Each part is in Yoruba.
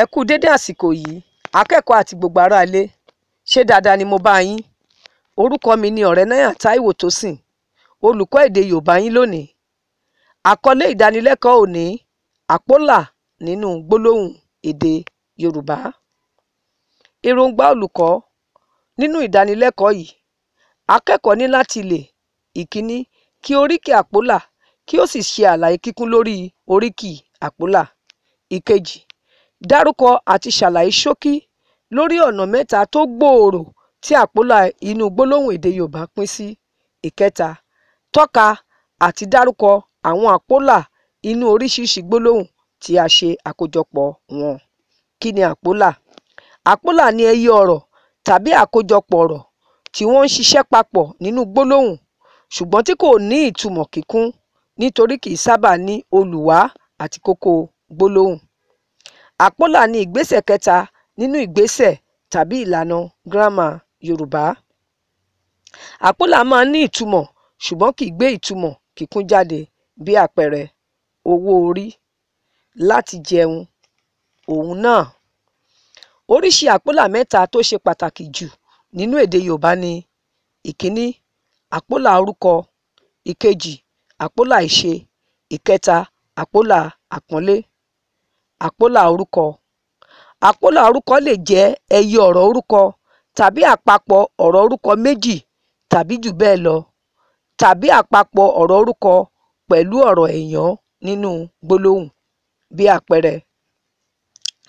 ẹ kú dédé àsìkò yìí akẹ́kọ̀ọ́ àti gbogbo aráalé ṣé dáadáa ni mo bá yín orúkọ mi ni Ọ̀rẹ́náyà Táíwò Tósìn olùkọ́ èdè Yorùbá yín lónìí àkọlé ìdánilẹ́kọ̀ọ́ òní àpólà nínú gbólóhùn èdè Yorùbá èròǹgbà olùkọ́ nínú ìdánilẹ́kọ̀ọ́ yìí akẹ́kọ̀ọ́ ní láti lè ìkíní kí oríkì àpólà kí ó sì ṣe àlàyé kíkún lórí oríkì àpólà ìkejì dárúkọ àti ṣàlàyé ṣókí lórí ọ̀nà mẹ́ta tó gbòòrò tí àpólà inú gbólóhùn èdè Yorùbá pín sí: ìkẹta, tọ́ka àti dárúkọ àwọn àpólà inú oríṣiríṣi gbólóhùn tí a ṣe àkójọpọ̀ wọn. Kíni àpólà? Àpólà ni ẹyẹ ọ̀rọ̀ tàbí àkójọpọ̀ ọ̀rọ̀ tí wọ́n ń ṣiṣẹ́ papọ̀ nínú gbólóhùn ṣùgbọ́n tí kò ní ìtumọ̀ kíkún, nítorí kìí sábà ní olùwá àti kókó gbólóhùn. Àpọ́nlá ni ìgbésẹ̀ kẹta nínú ìgbésẹ̀ tàbí ìlànà gírámà Yorùbá. Àpọ́nlá máa ń ní ìtumọ̀ ṣùgbọ́n kìí gbé ìtumọ̀ kíkún jáde. Bí àpẹẹrẹ, owó-orí (láti jẹun, òun náà). Oríṣi àpọ́nlá mẹ́ta tó ṣe pàtàkì jù nínú èdè Yorùbá ni: Ìkíní, àpọ́nlá orúkọ. Ìkejì, àpọ́nlá ìṣe. Ìkẹta, àpọ́nlá àpọ́nlé. Àpólà orúkọ Àpólà orúkọ leè jẹ́ ẹyọ ọ̀rọ̀ orúkọ tàbí àpapọ̀ ọ̀rọ̀ orúkọ méjì tàbí jù bẹ́ẹ̀ lọ, tàbí àpapọ̀ ọ̀rọ̀ orúkọ pẹ̀lú ọ̀rọ̀ èèyàn nínú gbólóhùn. Bí àpẹẹrẹ,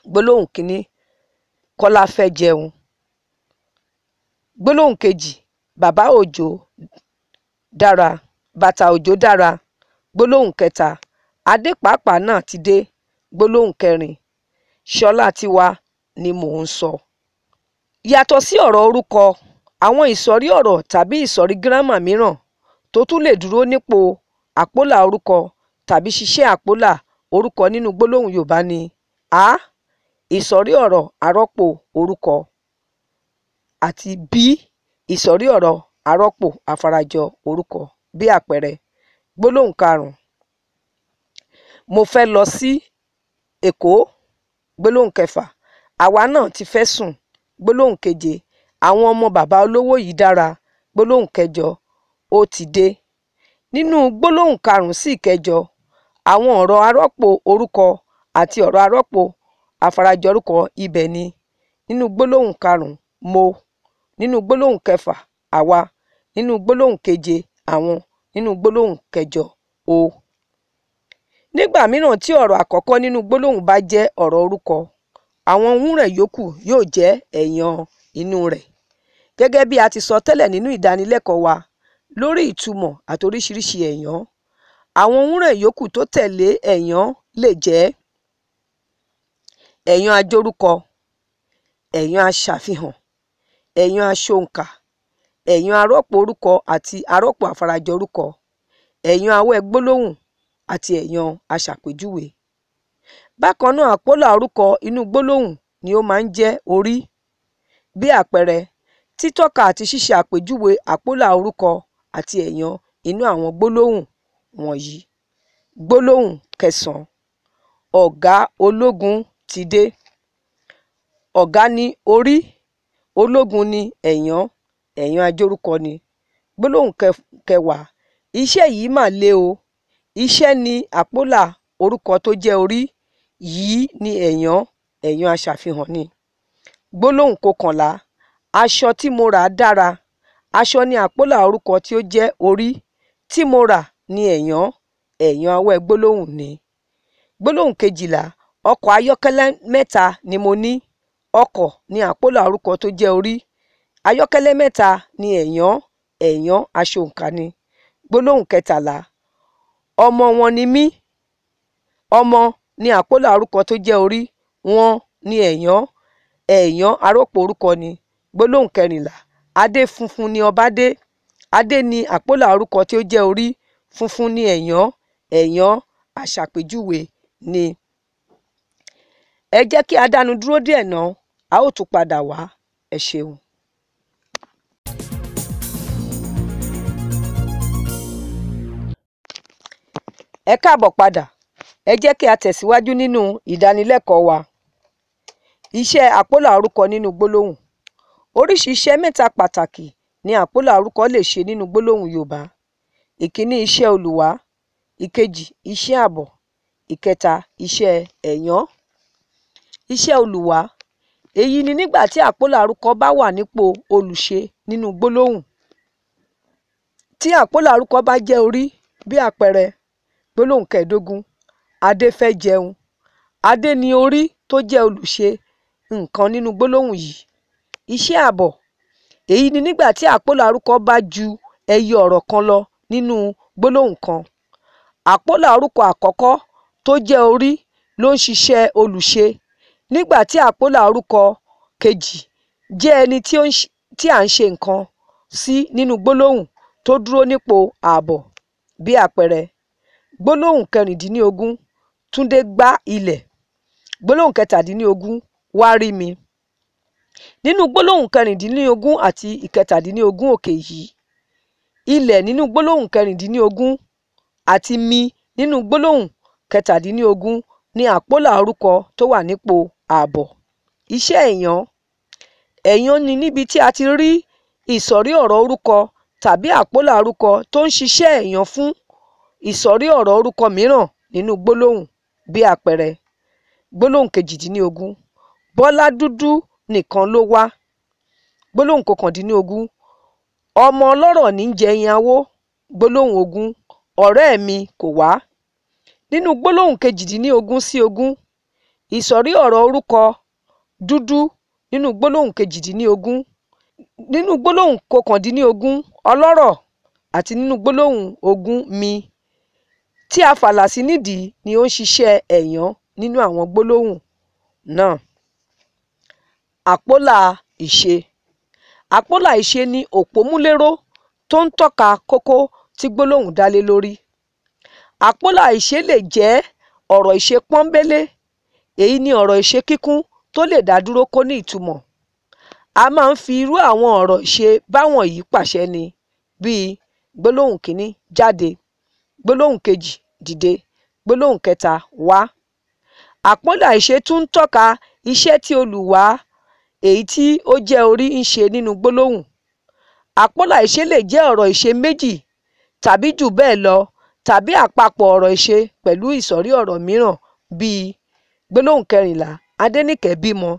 gbólóhùn kìíní Kọ́lá fẹ́ jẹun. Gbólóhùn kejì Bàbá Òjó dára. Bàtà Òjó dára. Gbólóhùn kẹta Adé pàápàá náà ti dé gbólóhùn kẹrin ṣọ́lá tiwa ni mò ń sọ. yàtọ̀ sí ọ̀rọ̀ orúkọ àwọn ìsọ̀rí ọ̀rọ̀ tàbí ìsọ̀rí gírámà mìíràn tó tún lè dúró nípò àpólà orúkọ tàbí ṣiṣẹ́ àpólà orúkọ nínú gbólóhùn yorùbá ni a ìsọ̀rí ọ̀rọ̀ àrọ́pò orúkọ àti b ìsọ̀rí ọ̀rọ̀ àrọ́pò àfarajọ orúkọ bí àpẹẹrẹ gbólóhùn karùn-ún mo fẹ́ lọ sí Èkó gbólóhùn kẹfà àwa náà ti fẹ̀sùn gbólóhùn keje àwọn ọmọ baba olówó yìí dára gbólóhùn kẹjọ ó ti dé. Nínú gbólóhùn karùn-ún sí ìkẹjọ, àwọn ọ̀rọ̀ arọ́pò orúkọ àti ọ̀rọ̀ arọ́pò afarajorúkọ ibẹ̀ ni: nínú gbólóhùn karùn Mo, nínú gbólóhùn kẹfà Àwa, nínú gbólóhùn keje Àwọn, nínú gbólóhùn kẹjọ O. Nígbà mìíràn tí ọ̀rọ̀ àkọ́kọ́ nínú gbólóhùn bá jẹ́ ọ̀rọ̀ orúkọ, àwọn wúnrẹ̀n yòókù yóò jẹ́ èèyàn inú rẹ̀, gẹ́gẹ́ bí a ti sọ tẹ́lẹ̀ nínú ìdánilẹ́kọ̀ọ́ wa lórí ìtumọ̀ àti oríṣiríṣi èèyàn. Àwọn wúnrẹ̀n yòókù tó tẹ̀lé èèyàn lè jẹ́ èèyàn ajorúkọ, èèyàn aṣàfihàn, èèyàn aṣòǹkà, èèyàn arọ́pò orúkọ àti arọ́pò àfarajorúkọ, èèyàn awẹ́gbólóhùn àti èèyàn aṣàpèjúwe. Bákan náà àpólà orúkọ inú gbólóhùn ni ó máa ń jẹ́ orí. Bí àpẹẹrẹ, títọ́ka àti ṣíṣe àpèjúwe àpólà orúkọ àti èèyàn inú àwọn gbólóhùn wọ̀nyí. Gbólóhùn kẹsàn-án. Ọ̀gá ológun ti dé. Ọ̀gá ni orí, ológun ni èèyàn, èèyàn ajórúkọ ni. Gbólóhùn kẹwàá. Iṣẹ́ yìí mà le o. Iṣẹ́ ni àpólà orúkọ tó jẹ́ orí, yìí ni èèyàn èèyàn aṣàfihàn ni. Gbólóhùn kọkànlá Aṣọ tí mo rà dára. Aṣọ ni àpólà orúkọ tí ó jẹ́ orí, tí mo rà ni èèyàn èèyàn awẹ́ gbólóhùn ni. Gbólóhùn kejìlá Ọkọ̀ ayọ́kẹ́lẹ́ mẹ́ta ni mo ní. Ọkọ̀ ni àpólà orúkọ tó jẹ́ orí. Ayọ́kẹ́lẹ́ mẹ́ta ni èèyàn èèyàn aṣòǹkà ni. Gbólóhùn kẹtàlá ọmọ wọn ni mí ọmọ ní àpólà orúkọ tó jẹ́ orí wọn ní ẹ̀yán ẹ̀yán arọ́pò orúkọ ni gbólóhùn kẹrìnlá adé funfun ni ọbadé adé ni àpólà orúkọ tí ó jẹ́ orí funfun ni ẹ̀yán ẹ̀yán aṣàpèjúwe ni. ẹ jẹ́ kí a dánu dúró díẹ̀ ná a ó tún padà wá ẹ ṣeun. ẹ káàbọ̀ padà ẹ jẹ́ kí a tẹ̀síwájú nínú ìdánilẹ́kọ̀ọ́ wa iṣẹ́ àpólà orúkọ nínú gbólóhùn oríṣi iṣẹ́ mẹ́ta pàtàkì ni àpólà orúkọ lè ṣe nínú gbólóhùn Yorùbá ìkíní iṣẹ́ olùwá ìkejì iṣẹ́ àbọ̀ ìkẹta iṣẹ́ ẹ̀yán iṣẹ́ olùwá èyí ni nígbà tí àpólà orúkọ bá wà nípò olùṣe nínú gbólóhùn tí àpólà orúkọ bá jẹ́ orí bí àpẹẹrẹ gbólóhùn kẹẹ̀ẹ́dógún adé fẹ́ jẹun adé ní orí tó jẹ́ olùṣe nǹkan nínú gbólóhùn yìí iṣẹ́ àbọ̀ èyí ni nígbà tí àpólò arúkọ bá ju ẹyọ ọ̀rọ̀ kan lọ nínú gbólóhùn kan àpólò arúkọ àkọ́kọ́ tó jẹ́ orí ló ń ṣiṣẹ́ olùṣe nígbà tí àpólò arúkọ kejì jẹ́ ẹni tí à ń ṣe nǹkan sí nínú gbólóhùn tó dúró nípò àbọ̀ bí àpẹẹrẹ gbólóhùn kẹrìndínlógún Túndé gbá ilẹ̀ gbólóhùn kẹtàdínlógún wá rí mi nínú gbólóhùn kẹrìndínlógún àti ìkẹtàdínlógún òkè yìí ilẹ̀ nínú gbólóhùn kẹrìndínlógún àti mi nínú gbólóhùn kẹtàdínlógún ni àpólà orúkọ tó wà nípò ààbọ̀ iṣẹ́ ẹ̀yán ẹ̀yán ni níbi tí a ti rí ìsọ̀rí ọ̀rọ̀ orúkọ tàbí àpólà orúkọ tó ń ṣiṣẹ́ ẹ̀yán fún Ìsọ̀rí ọ̀rọ̀ orúkọ mìíràn nínú gbólóhùn, bí àpẹẹrẹ, gbólóhùn kejìdínlógún ‘Bọ́lá dúdú nìkan ló wà’, gbólóhùn kọkàndínlógún ‘ọmọ ọlọ́rọ̀ ní í jẹyìn awó’, gbólóhùn ogún ‘ọ̀rẹ́ mi kò wá’. Nínú gbólóhùn kejìdínlógún sí ogún, ìsọ̀rí ọ̀rọ̀ orúkọ dúdú nínú gbólóhùn kejìdínlógún, nínú gbólóhùn kọkàndínlógún ọlọ́rọ̀ àti nínú gbólóhùn ogún mi tí a fàlà sí nídìí ni ó ń ṣiṣẹ́ èèyàn nínú àwọn gbólóhùn náà. Àpólà ìṣe Àpólà ìṣe ni òpómúléró tó ń tọ́ka kókó tí gbólóhùn dá lé lórí. Àpólà ìṣe lè jẹ́ ọ̀rọ̀ ìṣe pọ́nbélé, èyí ni ọ̀rọ̀ ìṣe kíkún tó lè dá dúró kó ní ìtumọ̀. A máa ń fi irú àwọn ọ̀rọ̀ ìṣe báwọ̀nyí pàṣẹ ni, bíi: Gbólóhùn kíní jáde gbólóhùn kejì dìde, gbólóhùn kẹta wá. Àpọ́nlé àìṣe tún ń tọ́ka iṣẹ́ tí olùwá èyí tí ó jẹ́ orí ń ṣe nínú gbólóhùn. Àpọ́nlé àìṣe lè jẹ́ ọ̀rọ̀ ìṣe méjì tàbí jù bẹ́ẹ̀ lọ tàbí àpapọ̀ ọ̀rọ̀ ìṣe pẹ̀lú ìsọ̀rí ọ̀rọ̀ mìíràn bíi gbólóhùn kẹrìnlá Adéníkẹ̀ bímọ,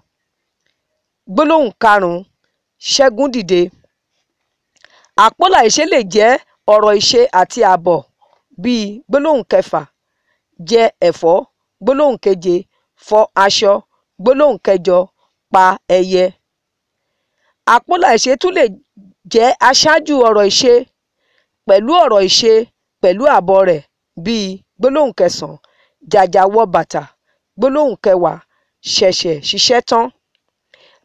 gbólóhùn karùn-ún Ṣẹ́gun dìde. Àpọ́nlé àìṣe lè jẹ́ ọ̀rọ̀ ìṣe àti àbọ̀ bíi gbólóhùn kẹfà jẹ ẹ̀fọ́, gbólóhùn keje fọ aṣọ, gbólóhùn kẹjọ pa ẹyẹ. Àpólà ìṣe tún lè jẹ́ aṣáájú ọ̀rọ̀ ìṣe pẹ̀lú ọ̀rọ̀ ìṣe pẹ̀lú àbọ̀ rẹ̀ bíi gbólóhùn kẹsàn-án jàjà wọ bàtà, gbólóhùn kẹwàá ṣẹ̀ṣẹ̀ ṣiṣẹ́ tán.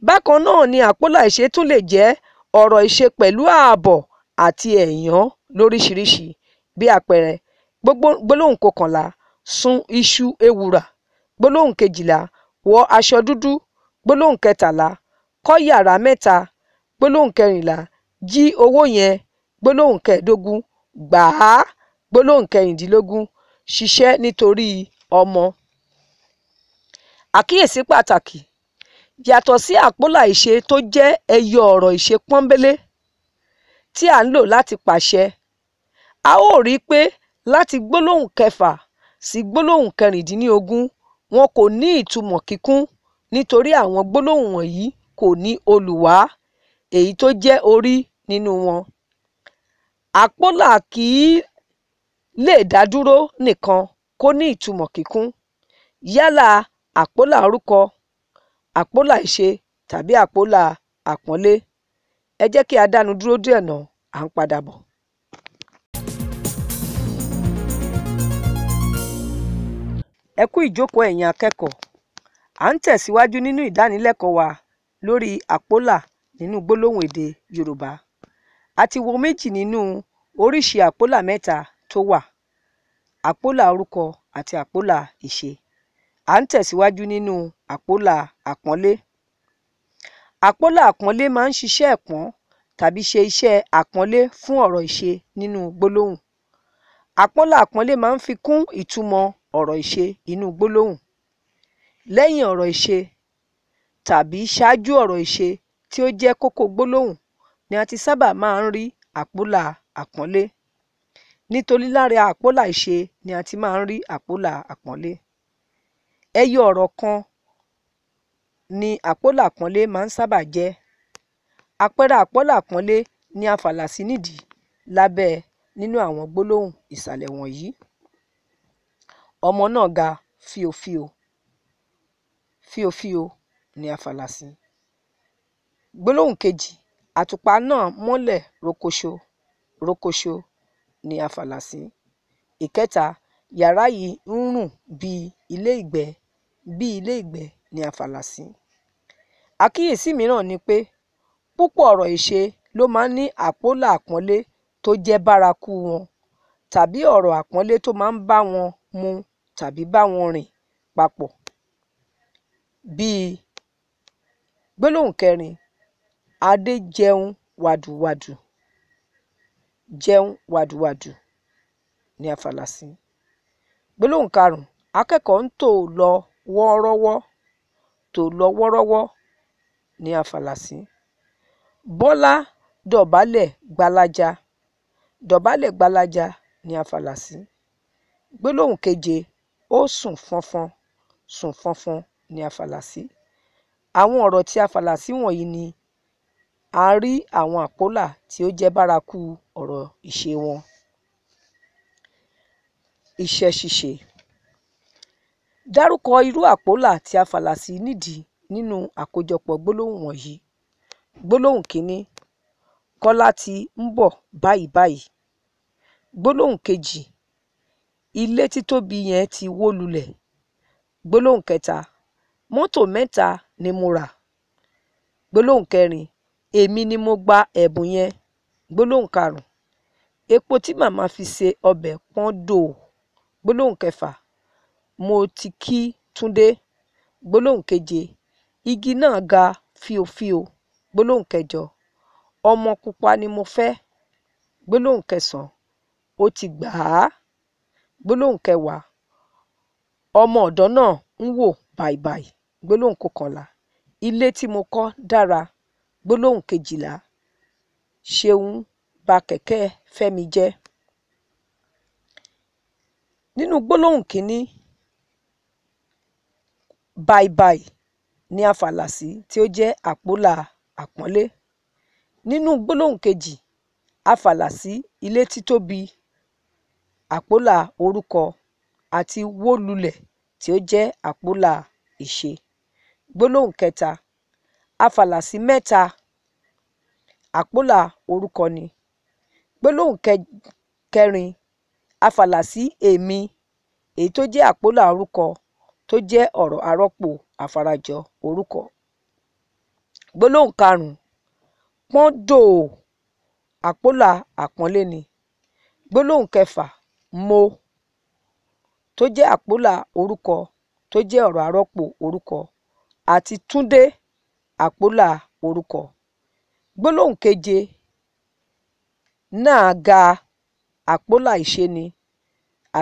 Bákan náà ni àpólà ìṣe tún lè jẹ́ ọ̀rọ̀ ìṣe pẹ̀lú ààbọ̀ àti ẹ̀yán lóríṣiríṣi. Bí àpẹẹrẹ Gbólóhùn kọkànlá sun iṣu ewùrà, gbólóhùn kejìlá wọ aṣọ dúdú, gbólóhùn kẹtàlá kọ́ yàrá mẹ́ta, gbólóhùn kẹrìnlá jí owó yẹn, gbólóhùn kẹẹ̀dógún gbà á, gbólóhùn kẹrìndínlógún ṣiṣẹ́ nítorí ọmọ. Àkíyèsí pàtàkì Yàtọ̀ sí àpólà-ìṣe tó jẹ́ ẹyọ ọ̀rọ̀ ìṣe pọ́nbélé tí à ń lò láti pàṣẹ, a ó rí i pé Láti gbólóhùn kẹfà sí gbólóhùn kẹrìndínlógún, wọn kò ní ìtumọ̀ kíkún, nítorí àwọn gbólóhùn wọ̀nyí kò ní olùwà (èyí tó jẹ́ Orí) nínú wọn. Àpólà kì í lè dádúró nìkan kó ní ìtumọ̀ kíkún, yálà àpólà orúkọ, àpólà ìṣe tàbí àpólà àpọ́nlé. Ẹ jẹ́ kí á dánu dúró díẹ̀ ná, à ń padà bọ̀. Ẹ kú ìjókòó ẹ̀yin akẹ́kọ̀ọ́. À ń tẹ̀síwájú nínú ìdánilẹ́kọ̀ọ́ wa lórí àpólà nínú gbólóhùn èdè Yorùbá. A ti wo méjì nínú oríṣi àpólà mẹ́ta tó wà, àpólà orúkọ àti àpólà ìṣe. À ń tẹ̀síwájú nínú àpólà àpọ́nlé. Àpólà àpọ́nlé máa ń ṣiṣẹ́ ẹ̀pọ́n tàbí ṣe iṣẹ́ àpọ́nlé fún ọ̀rọ̀ ìṣe nínú gbólóhùn. Àpólà àpọ́nlé máa ń fi kún ìtumọ̀ ọ̀rọ̀ ìṣe inú gbólóhùn, lẹ́yìn ọ̀rọ̀ ìṣe tàbí ṣáájú ọ̀rọ̀ ìṣe tí ó jẹ́ kókó gbólóhùn ni a ti sábà máa ń rí àpólà àpọ́nlé. Nítorí lára àpólà ìṣe ni a ti máa ń rí àpólà àpọ́nlé. Ẹyọ ọ̀rọ̀ kan ni àpólà àpọ́nlé máa ń sábà jẹ́. Àpẹẹrẹ àpólà àpọ́nlé ni a fàlà sí nídìí lábẹ́ nínú àwọn gbólóhùn ìsàlẹ̀ wọ̀nyí ọmọ náà ga fíofío fíofío ní àfàlà sí gbólóhùn kejì àtùpà náà mọ́lẹ̀ rokoṣo rokoṣo ní àfàlà sí ìkẹta yàrá yìí ń rùn bíi ilé ìgbẹ́ bíi ilé ìgbẹ́ ní àfàlà sí. àkíyèsí mìíràn ni pé púpọ̀ ọ̀rọ̀ ìṣe ló máa ń ní àpólà àpọ́nlé tó jẹ́ bárakú wọn tàbí ọ̀rọ̀ àpọ́nlé tó máa ń bá wọn mu tàbí bá wọn rìn papọ̀ bíi gbólóhùn kẹrin Adé jẹun wàdùwàdù jẹun wàdùwàdù ní àfàlàsí. Gbólóhùn karùn-ún Akẹ́kọ̀ọ́ ń tò lọ wọ́ọ́rọ́wọ́ tò lọ wọ́ọ́rọ́wọ́ ní àfàlàsí. Bọ́lá dọ̀bálẹ̀ gbalaja dọ̀bálẹ̀ gbalaja ní àfàlàsí. Gbólóhùn keje ó sùn fọnfọn sùn fọnfọn ní àfàlàsí. Àwọn ọ̀rọ̀ ti àfàlàsí wọ̀nyí ni à ń rí àwọn àpólà tí ó jẹ́ bárakú ọ̀rọ̀ ìṣe wọn. Iṣẹ́ ṣíṣe Dárúkọ irú àpólà tí àfàlàsí nídìí nínú àkójọpọ̀ gbólóhùn wọ̀nyí. Gbólóhùn kìíní Kọ́lá ti ń bọ̀ báyìí báyìí. Gbólóhùn kejì ilé títóbi yẹn ti wó lulẹ̀ gbólóhùn kẹta mọ́tò mẹ́ta ni mo rà gbólóhùn kẹrin èmi ni mo gba ẹ̀bùn yẹn gbólóhùn karùn-ún epo tí màmá fi se ọbẹ̀ pọ́n dò gbólóhùn kẹfà mo ti kí túnde gbólóhùn keje igi náà ga fíofío gbólóhùn kẹjọ ọmọ pupa ni mo fẹ́ gbólóhùn kẹsàn-án ó ti gbà á gbólóhùn kẹwàá ọmọ ọ̀dọ̀ náà ń wò bàìbàì gbólóhùn kọkànlá ilé tí mo kọ́ dára gbólóhùn kejìlá ṣeun ba kẹ̀kẹ́ fẹ́mi jẹ́ nínú gbólóhùn kínní bàìbàì ni a fàlà sí tí ó jẹ́ àpólà àpọ́nlé nínú gbólóhùn kejì a fàlà sí ilé títóbi àpólà orúkọ àti wó lulẹ̀ tí ó jẹ́ àpólà ìṣe. Gbólóhùn kẹta, afàlàsí mẹ́ta àpólà orúkọ ni. Gbólóhùn kẹrin, afàlàsí èmi èyí tó jẹ́ àpólà orúkọ tó jẹ́ ọ̀rọ̀ arọ́pò afarajọ orúkọ. Gbólóhùn karùn-ún, pọ́n àpólà àpọ́nlé ni. Gbólóhùn kẹfà Mo, tó jẹ́ àpólà orúkọ tó jẹ́ ọ̀rọ̀ arọ́pò orúkọ, àti Túndé, àpólà orúkọ. Gbólóhùn keje náà ga àpólà ìṣeni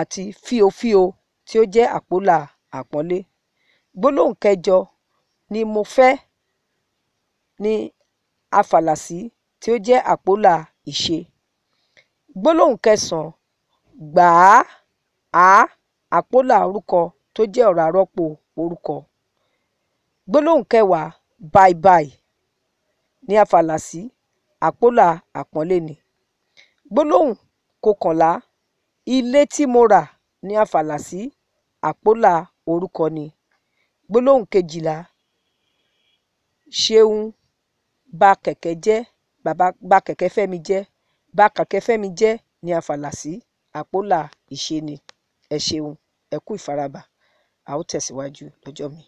àti fíofío tí ó jẹ́ àpólà àpọ́nlé. Gbólóhùn kẹjọ ni Mo fẹ́ ni afàlàsí tí ó jẹ́ àpólà ìṣe. Gbólóhùn kẹsàn-án gbà á àpólà orúkọ tó jẹ́ ọ̀rọ̀ àrọ́pò orúkọ. Gbólóhùn kẹwàá bye bye ní a fàlà sí àpólà àpọ́nlé ni. Gbólóhùn kọkànlá ilé tí mo rà ní a fàlà sí àpólà orúkọ ni. Gbólóhùn kejìlá Ṣeun ba kẹ̀kẹ́ jẹ́ bàbá ba kẹ̀kẹ́ Fẹ́mi jẹ́ ba kẹ̀kẹ́ Fẹ́mi jẹ́ ní a sí àpólà ìṣe ni ẹ ṣeun ẹ kú ìfarabà a ó tẹ̀síwájú lọ́jọ́ míì